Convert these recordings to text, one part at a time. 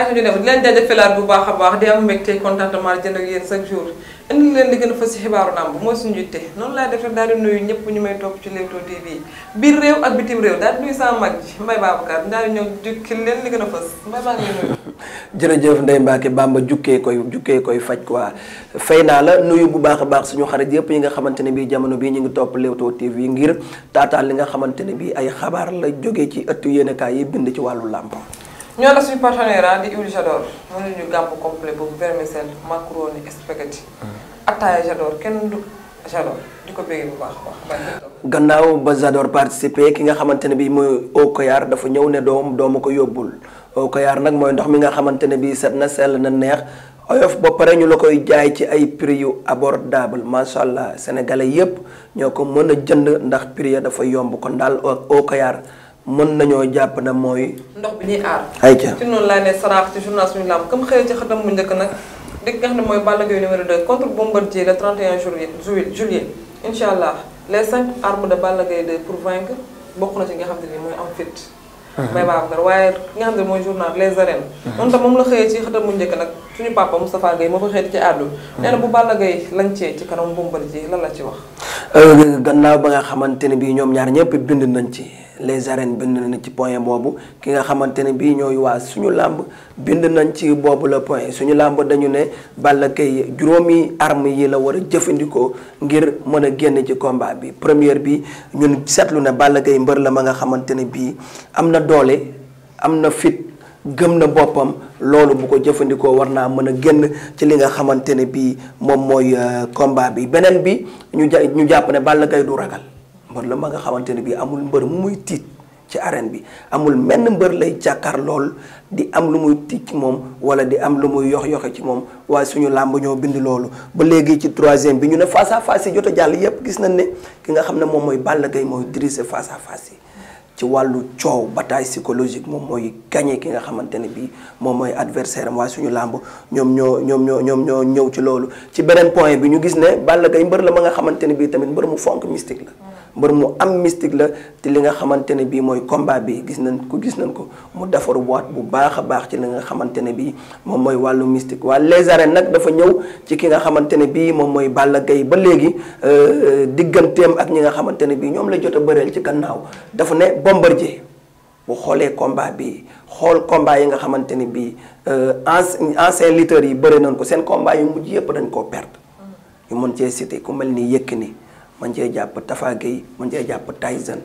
ayca ñu ne di leen bu baax a baax di am mbégte contentement di jënd ak yéen chaque jour indi leen li gën a fës ci xibaaru làmb mooy suñu yitte noonu laay def rek daal di nuyu ñëpp ñu may topp ci Leewtoo TV biir réew ak bitim réew daal di nuyu sama mag ji Mbaye Babacar daal di ñëw jukki leen li gën a fës Mbaye Babacar nuyu. jërëjëf Ndeye Mbacke Bamba jukkee koy jukkee koy faj quoi fay naa la nuyu bu baax a baax suñu xarit yëpp yi nga xamante ne bii jamono bii ñu ngi topp Leewtoo TV ngir taataan li nga xamante ne bii ay xabaar la jógee ci ëttu yéenekaay yi bind ci wàllu làmb ñoo la suñu partenaire ah di huile Jador mën nañu gàmb complet boobu vermicelle macaroni spaghetti. Mm. attaaya Jador kenn du Jador di ko béyee bu baax a baax. gannaaw ba Jador participé ki nga xamante ne bii mooy Okoyaar dafa ñëw ne doom doom doomu ko yóbbul Okoyaar nag mooy ndox mi nga xamante ne bii set na sell na neex. oyof ba pare ñu la koy jaay ci ay prix yu abordable macha allah sénégalais yépp ñoo ko mën a jënd ndax prix dafa yomb kon daal au mën nañoo jàpp na mooy. ndox bi ñuy aar. ayca ci noonu laa ne saraax ci journal suñu lamb comme xëy ci xëtam bu njëkk nag dégg nga xam ne mooy Balla Gaye le 31 juillet juillet incha allah les cinq armes de Balla Gaye 2 pour vaincre bokk nga xam ne uh-huh. ne mooy journal les arènes. moom uh-huh. tam moom la xëyee ci xëtam mu njëkk nag suñu papa Moustapha Gueye moo ko xëyee ci àddu. Uh-huh. nee na bu Balla Gaye lañ cee ci kanam Bombardier lan la ci wax. Euh, gannaaw ba nga xamante ne bii ñoom ñaar ñëpp bind nañ ci. les arènes bind nañ ci point boobu ki nga xamante ne bii ñooy waa suñu làmb bind nañ ci boobu la point suñu làmb dañu ne Balla Gaye juróomi arme yi la war a jëfandikoo ngir mën a génn ci combat bi première bi ñun seetlu ne Balla Gaye mbër la ma nga xamante ne bii am na doole am na fit gëm na boppam loolu bu ko jëfandikoo war naa mën a génn ci li nga xamante ne bii moom mooy euh, combat bi beneen bi ñu ja ñu jàpp ne Balla kay du ragal mbër la ma nga xamante ne bii amul mbër mu muy tiit ci arène bi amul menn mbër lay jàkkaar lool di am lu muy tiit ci moom wala di am lu muy yox yoxe ci moom waaye suñu làmb ñoo bind loolu ba léegi ci troisième bi ñu ne face à face yi jot a jàll yépp gis nañ ne ki nga xam ne moom mooy Balla Gaye mooy diriger face à face yi ci wàllu coow bataille psychologique moom mooy gagné ki nga xamante ne bii moom mooy adversaire am waaye suñu làmb ñoom ñoo ñoom ñoo ñoom ñoo ñëw ci loolu ci beneen point bi ñu gis ne Balla Gaye mbër la ma nga xamante ne bii tamit mbër mu fonk mystique la mbër mu am mystique la te li nga xamante ne bii mooy combat bi gis nañ ko gis nañ ko mu defar waat bu baax a baax ci li nga xamante ne bii moom mooy wàllu mystique waa les arènes nag dafa ñëw ci ki nga xamante ne bii moom mooy Balla Gaye ba léegi euh, digganteem ak ñi nga xamante ne bii ñoom la jot a bëreel ci gannaaw dafa ne Bombardier bu xoolee combat bi xool combat yi nga xamante ni bii euh, ancien lutteurs yi bëri nañ ko seen combat yu mujj yëpp dañ koo perte mm. ñu mën cee cité ku mel ni Yékini man cee jàpp Tafa Gueye man cee jàpp Tyson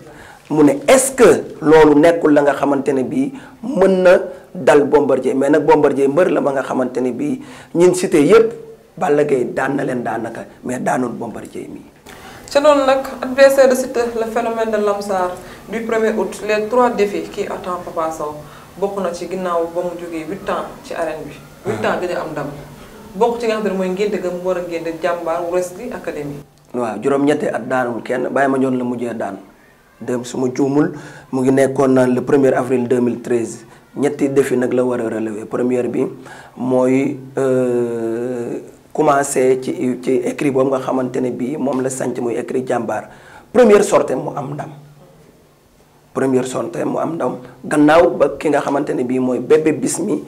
mu ne est-ce que loolu nekkul la nga xamante ne bii mën na dal Bombardier mais nag Bombardier mbër la ma nga xamante ne bii ñin cité yépp Balla Gaye daan na leen daanaka mais daanul Bombardier mii. ci loolu nag adversaire de Siteu le phénomène de Lamsar du 1er août les trois défis qui attend Papa bokk na ci ginnaaw ba mu jógee huit ans ci arène bi. huit ans gën am ndam bokk ci nga xam ne mooy ngénte ga mu war a ngénte jàmbaar Wrestling Academy. waaw juróom-ñetti at daanul kenn bàyyi ma ñoon la mujjee daan dem su ma juumul mu ngi nekkoon naa le premier avril 2013 ñetti défi nag la war a relever première bi mooy euh, commencé ci ci écrit boobu nga xamante ne bii moom la sanc muy écrit jàmbaar première sortie mu am ndam première sortie mu am ndam gannaaw ba ki nga xamante ne bii mooy bébé bis mi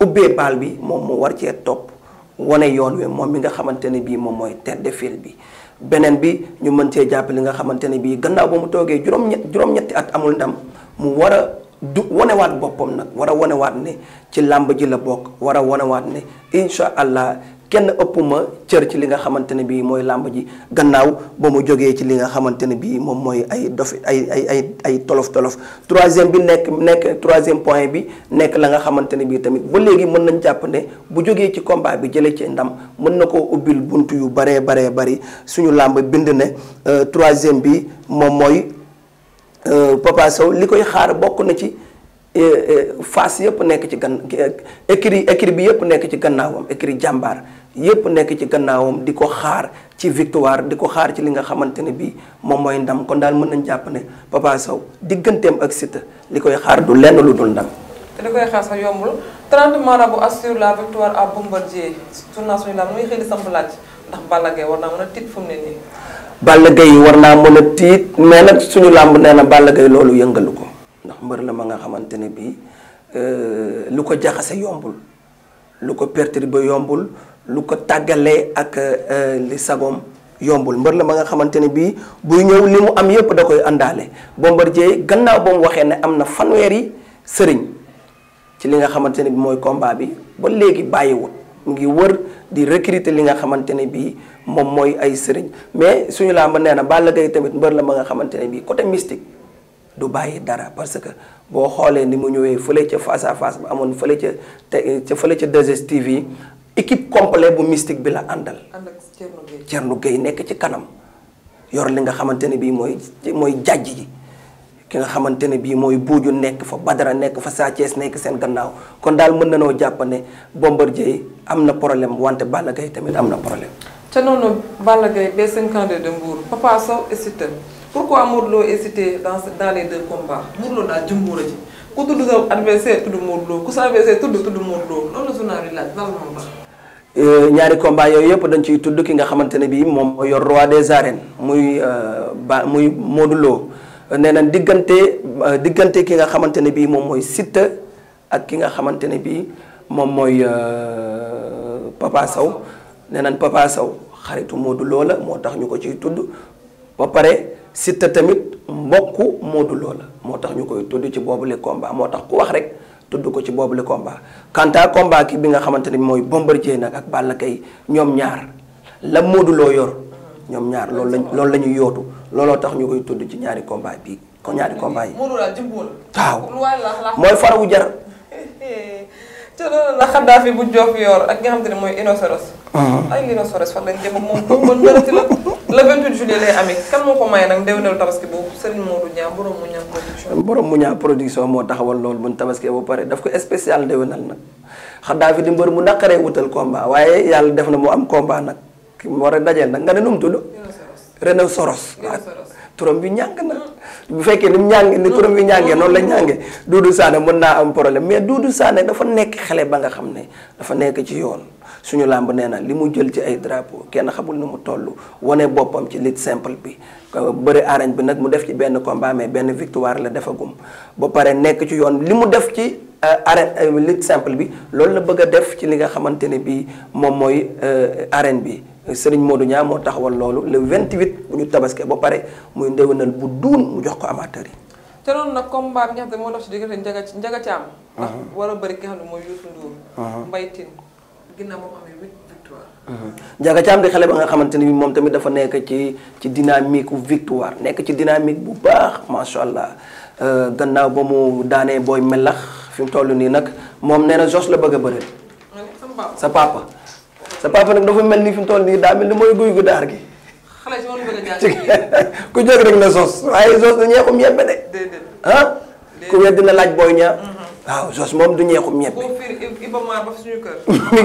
ubbee baal bi moom mu war cee topp wane yoon wi moom mi nga xamante ne bii moom mooy tête de file bi beneen bi ñu mën cee jàpp li nga xamante ne bii gannaaw ba mu toogee juróom-ñett juróom-ñetti at amul ndam mu war a du wanewaat boppam nag war a wanewaat ne ci làmb ji la bokk war a wanewaat ne incha allah kenn ëppuma cër ci li nga xamante ne bii mooy làmb ji gannaaw ba mu jógee ci li nga xamante ne bii moom mooy ay dof ay ay ay ay tolof tolof troisième bi nekk nekk troisième point bi nekk la nga xamante ne bii tamit ba léegi mën nañ jàpp ne bu jógee ci combat bi jëlee ci ndam mën na koo ubbil bunt yu baree baree bari suñu làmb bind ne euh, troisième bi moom mooy euh, Papa Sow li koy xaar bokk na ci. E, e, fas yëpp nekk ci gan e, écrit écrit bi yëpp nekk ci gannaawam écrit jàmbaar yëpp nekk ci gannaawam di ko xaar ci victoire di ko xaar ci li nga xamante ne bii moom mooy ndam kon daal mën nañ jàpp ne Papa Sow digganteem ak Siteu li koy xaar du lenn lu dul ndam. te li koy xaar sax yombul 30 marabout assure la victoire à Bombardier journal suñu laam muy xëy di samp laaj ndax Balla Gaye war naa mën a tiit fu ne nii. Balla Gaye war naa mën a tiit mais nag suñu làmb nee na Balla Gaye loolu yëngalu ko. ndax mbër la ma nga xamante ne bii euh, lu ko jaxase yombul lu ko ba yombul lu ko tàggale ak euh, li sagoom yombul mbër la ma nga xamante ne bii buy ñëw li mu am yépp da koy àndaale Bombardier gannaaw ba mu waxee ne am na fanweeri sëriñ ci li nga xamante ne bi mooy combat bi ba léegi bàyyiwul mu ngi wër di recruter li nga xamante ne bii moom mooy ay sëriñ mais suñu laa ma nee na la Gaye tamit mbër la ma nga xamante ne bii côté mystique du bàyyi dara parce que boo xoolee ni mu ñëwee fële ca face a face ba amoon fële ca te ca fële ca 2STV yi équipe bu mystique bi la àndal. ànd ak Thierno nekk ci kanam yor li nga xamante ne bii mooy mooy jàjj ji ki nga xamante ne bii mooy buuju nekk fa Badara nekk fa Sa Thiès nekk seen gannaaw kon daal mën na noo jàpp ne Bombardier am na problème wante Balla Gaye tamit am na problème. ca noonu Balla Gaye B52 de Mbour Papa Sow et pourquoi Modou Lo est cité dans dans les deux combats Modou Lo daal jëmbur la ci ku tudd sa adversaire tudd Modou Lo ku sa adversaire tudd tudd Modou Lo loolu la journal bi laaj lan moo tax. Euh, ñaari combat yooyu yëpp dañ ciy tudd ki nga xamante ne bii moom moo yor roi des arènes muy euh, ba muy Modou Lo nee na diggante euh, diggante ki nga xamante ne bii moom mooy Siteu ak ki nga xamante ne bii moom mooy Papa Sow nee nañ Papa Sow xaritu Modou Lo la moo tax ñu ko ciy tudd ba pare. Siteu tamit mbokk Modou Lo moo tax ñu koy tudd ci boobu le combat moo tax ku wax rek tudd ko ci boobu le combat quant à combat ki bi nga xamante ni mooy Bombardier nag ak Balla Gaye ñoom ñaar la Modou Lo yor ñoom ñaar lool lañ loolu la ñuy yootu looloo tax ñu koy tudd ci ñaari komba bii ko ñaari komba yi waaw mooy farawu jar te loolu la Xaddaafi bu Joof yor ak nga xam te ne mooy rhinocéros. Ah. ay rhinocéros fan lañ jëm moom moom nërëti la le 28 juillet lay moo ko may nag ndewenal tabaski boobu Serigne Modou Niang borom mu ñaan production. borom mu ñaan production moo taxawal loolu buñ tabaskee ba pare daf ko spécial ndewenal nag Xaddaafi di mbër mu naqaree wutal combat waaye yàlla def na mu am combat nag ki mu war a dajeel nag nga ne nu mu tudd. rhinocéros turam bi ñàng na bu fekkee ni ñàng ni turam bi ñàngee noonu la ñàngee Doudou Sané mën naa am problème mais Doudou Sané dafa nekk xale ba nga xam ne dafa nekk ci yoon suñu làmb nee na li mu jël ci ay drapeau kenn xamul nu mu toll wane boppam ci lutte simple bi bëri arène bi nag mu def ci benn combat benn victoire la defagum ba paree nekk ci yoon li mu def ci euh, arène euh, lutte simple bi loolu la bëgg a def ci li nga xamante ne bii moom mooy euh, arène bi Serigne Modou Niang moo taxawal loolu le 28 bu ñu tabaskee ba pare muy ndéwénal bu duun mu jox ko amateur yi. te loolu nag combat bi nga xam ne moo dox ci diggante Ndiaga mooy Youssou Ndour. di xale ba nga xamante ni moom tamit dafa nekk ci ci dynamique victoire nekk ci dynamique bu baax macha allah euh, gannaaw ba mu daanee booy melax fi mu toll nii nag moom nee na Jos la bëgg a bëri. sa papa. sa papa nag dafa mel ni fi mu toll nii daa mel ni mooy guy gu daar gi. xale si woon bëgg a ku jóg rek na sos waaye sos na ñeexum ñebe de. déedéet ah? ku wedd dina laaj booy ñaa. Mhm. waaw sos moom du ñeexum ñebe. boo fii Iba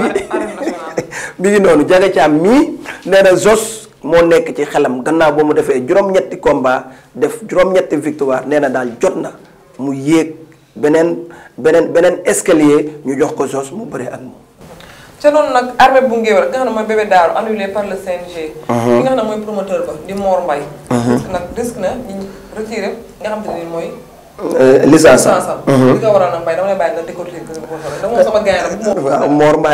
mi ngi noonu jaga mii nee sos moo nekk ci xelam gannaaw ba mu defee juróom-ñetti combat def juróom-ñetti victoire nee na daal jot na mu yéeg beneen beneen beneen escalier ñu jox ko sos mu bëre ak moom. ca noonu nag armée bu Ngéwél nga xam ne mooy bébé daaru annulé uh-huh. ne mooy promoteur ba uh-huh. na mooy. Euh, licence am uh-huh. li nga waroon a mbay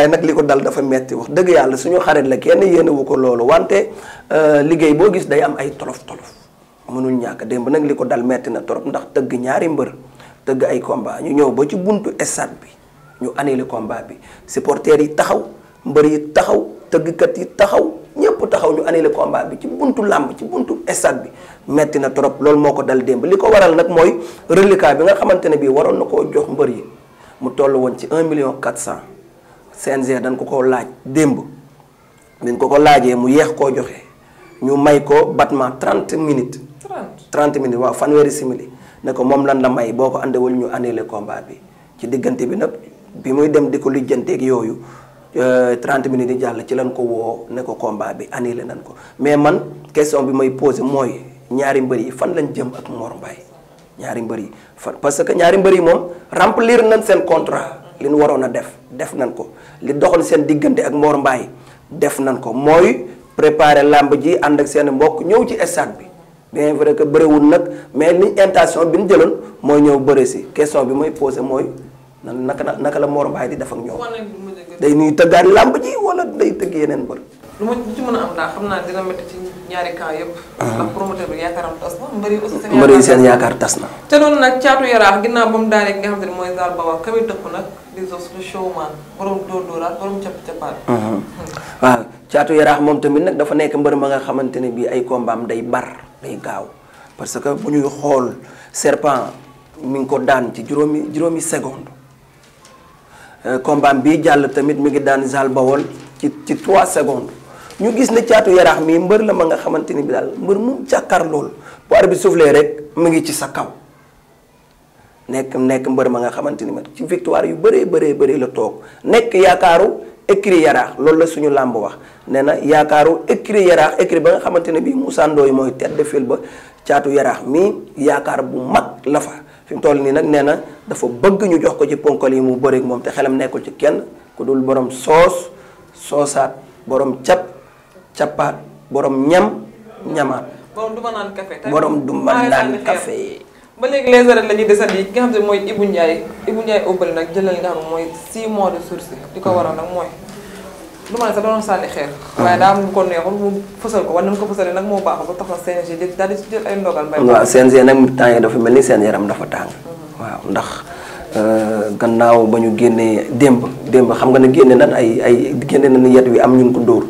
nag li ko dal dafa metti wax dëgg yàlla suñu xarit la kenn yéenewu ko loolu wante euh, liggéey boo gis day am ay tolof tolof mënul ñàkk démb nag li ko dal metti na trop ndax tëgg ñaari mbër tëgg ay combat ñu ñëw ba ci buntu stade bi. ñu annulé combat bi supporters yi taxaw mbër yi taxaw tëggkat yi taxaw ñëpp taxaw ñu annulé combat bi ci buntu làmb ci buntu stade bi metti na trop loolu moo ko dal démb li ko waral nag mooy reliquat bi nga xamante ne bii waroon na koo jox mbër yi mu toll woon ci 1 million 400 CNG dañ ko ko laaj démb dañ ko ko laajee mu yeex koo joxe ñu may ko battement trent minutes. 30 30 minutes waaw fanweeri simili ne ko moom lan la may boo ko àndewul ñu annulé combat bi ci diggante bi nag. bi muy dem di ko lijjanteeg yooyu 30 euh, minutes yi jàll ci lan ko woo ne ko combat bi annulé nañ ko mais man question bi may posé mooy ñaari mbër yi fan lañ jëm ak Mor Mbaye ñaari mbër yi fan parce que ñaari mbër yi moom liir nañ seen contrat li ñu waroon a def def nañ ko li doxal seen diggante ak moor Mbaye def nañ ko mooy préparer làmb ji ànd ak seen mbokk ñëw ci stade bi bien vrai que bëriwul nag mais li intention bi ñu jëloon mooy ñëw bëri si question bi may posé mooy. nan naka la naka la Mor Mbaye di def ak ñoom. day nuy tëggaan làmb ji wala day tëgg yeneen mbër. lu ma ci mën a am daal xam naa dina métti ci ñaari cas yëpp. Ah. ndax seen yaakaar mbër yi seen yaakaar tas na. te noonu nag caatu yaraax ginnaaw ba mu daanee nga xam mooy Zal Bawa ka muy mhm. hmm. moom tamit nag dafa nekk mbër ma nga xamante ne bii ay kombaam day bar day gaaw parce que bu ñuy xool serpent mi ngi ko daan ci juróomi juróomi seconde Euh, combat bi jàll tamit mu ngi daan Zal Bawol ci ci 3 secondes ñu gis ne caatu yaraax mii mbër la ma nga xamante ni bi daal mbër mu jàkkaar lool bu arbitre bi soufflé rek mi ngi ci sa kaw nekk nekk mbër ma nga xamante ni ma ci victoire yu bëree bëree bëri la toog nekk yaakaaru écrit yaraax loolu la suñu làmb wax nee na yaakaaru écrit yaraax écrit ba nga xamante ne bii Moussa yi mooy tête de file ba caatu yaraax mi yaakaar bu mag la fa. fi mu toll nii nag nee na dafa bëgg ñu jox ko ci ponkal yi mu bëreeg moom te xelam nekkul ci kenn ku dul borom soos soosaat borom cap capaat borom ñam ñamaat. borom du ma naan café tey borom du ma ba léegi les arènes la ñuy yi ki nga xam ne mooy Ibou Ndiaye Ibou Ndiaye ëppale nag jëlal nga xam mooy si mois de sursis di ko waral nag mooy. du ma ne sax doon sànni xeer. waaye daa am lu ko neexul mu fësal ko wala na mu ko fësalee nag moo baax ba tax na CNG daal nag temps yi dafa mel ni seen yaram dafa tàng. waaw ndax euh, gannaaw ba ñu génnee démb démb xam nga ne génne nan ay ay génne nañu yet wi am ñun ko dóor.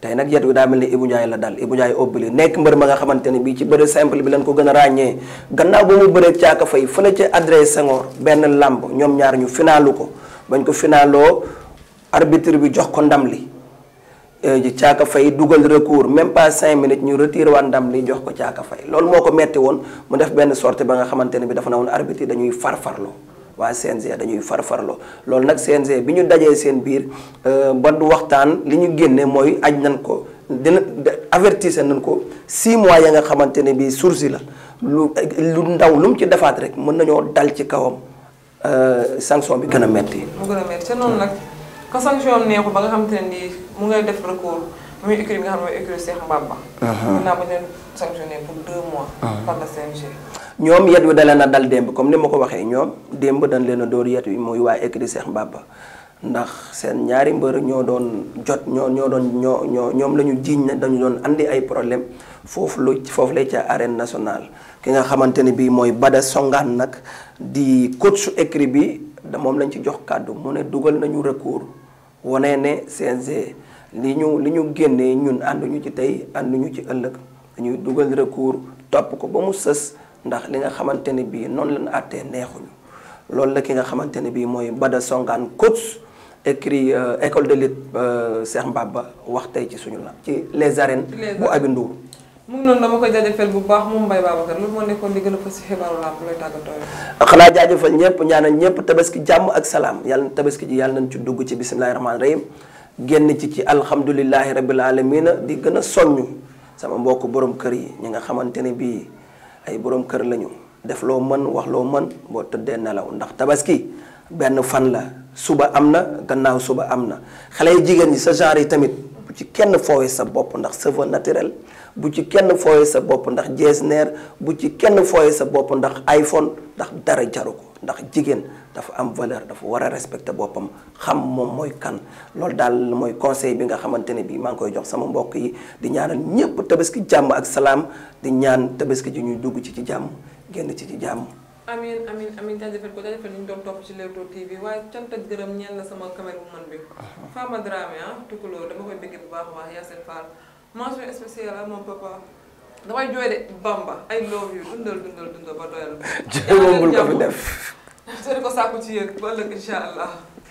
tey nag yet wi daa mel ni Ibou Ndiaye la dal Ibou Ndiaye obbali nekk mbër ma nga xamante ne bii ci bëre simple bi lañ ko gën a ràññee gannaaw ba mu bëree caaka fay fële ca adresse Senghor benn làmb ñoom ñaar ñu finaalu ko bañ ko finaaloo arbitre bi jox ko ndam li caaka eh, fay dugal recours même pas cinq minutes ñu retire waat ndam li jox ko caaka fay loolu moo ko metti woon mu def benn sortie ba nga xamante ne bi dafa na woon arbitre yi dañuy farfarloo waa CNG dañuy farfarloo loolu nag CNG bi ñu dajee seen biir eh, ba du waxtaan li ñu génnee mooy aj nan ko dina avertise nañ ko six mois ya nga xamante ne bi sursis la lu lu ndaw lu mu ci defaat rek mën nañoo dal ci kawam eh, sanction bi gën a metti que sanction neexul ba nga xam te mu ngay def recours muy écurie bi nga xam ne mooy écurie ñoom yet da leen a dal démb comme ni ma ko waxee ñoom démb dañ leen a dóor yet wi waa écurie Cheikh ndax seen ñaari mbër ñoo doon jot ñoo ñoo doon ñoo ñoo ñoom la ñu jiiñ ne dañu doon andi ay problème foofu lu foofu lay ca arène nationale ki nga xamante ne bii mooy Bada Songaan nag di coach su écurie bi. moom lañ ci jox kàddu mu ne dugal nañu recours wane ne CNG li ñu li ñu génnee ñun ànduñu ci tey ñu ci ëllëg dañuy dugal recours topp ko ba mu sës ndax li nga xamante ne bii noonu lañ àttee neexuñu loolu la ki nga xamante ne bii mooy Bada Songaan coach écrit euh, école de lutte euh, Cheikh ba wax tey ci suñu la ci les arènes bu Abi mu noonu la ma koy jaajëfal bu baax moom Mbaye Babacar loolu moo nekkoon di gën a fës ci xibaaru làmb looy tàggatoo xanaa jaajëfal ñëpp ñaanal ñëpp tabaski jàmm ak salaam yàlla tabaski ji yàlla nañ ci dugg ci bisimilahi rahmaani rahim génn ci ci alhamdulilahi rabil alamina di gën a soññ sama mbokk boroom kër yi ñi nga xamante ne bii ay boroom kër lañu def loo mën wax loo mën boo tëddee nelaw ndax tabaski benn fan la suba am na gannaaw suba am na xale jigéen ñi sa genre yi tamit bu ci kenn foowee sa bopp ndax cheveux naturel bu ci kenn foowee sa bopp ndax jees Getzner bu ci kenn foowee sa bopp ndax iPhone ndax dara jaru ko ndax jigéen dafa am valeur dafa war a respecter boppam xam moom mooy kan loolu daal mooy conseil bi nga xamante ne bii maa ngi koy jox sama mbokk yi di ñaanal ñëpp tabaski jàmm ak salaam di ñaan tabaski ji ñuy dugg ci ci jàmm génn ci ci jàmm amin amin amin daa defal ko daa defal doon topp ci Leewtoo TV waaye cant ak gërëm ñeel na sama caméra bu man bi ah. Fama Dramé ah Tukulóor dama koy bëggee bu baax a baax Yacine Fall mention spéciale ah mon papa damay jooy de Bamba ay love you dundal dundal dundal ba doyal jooy moom bul ko fi def sori ko sàkku ci yéen ba ëllëg incha allah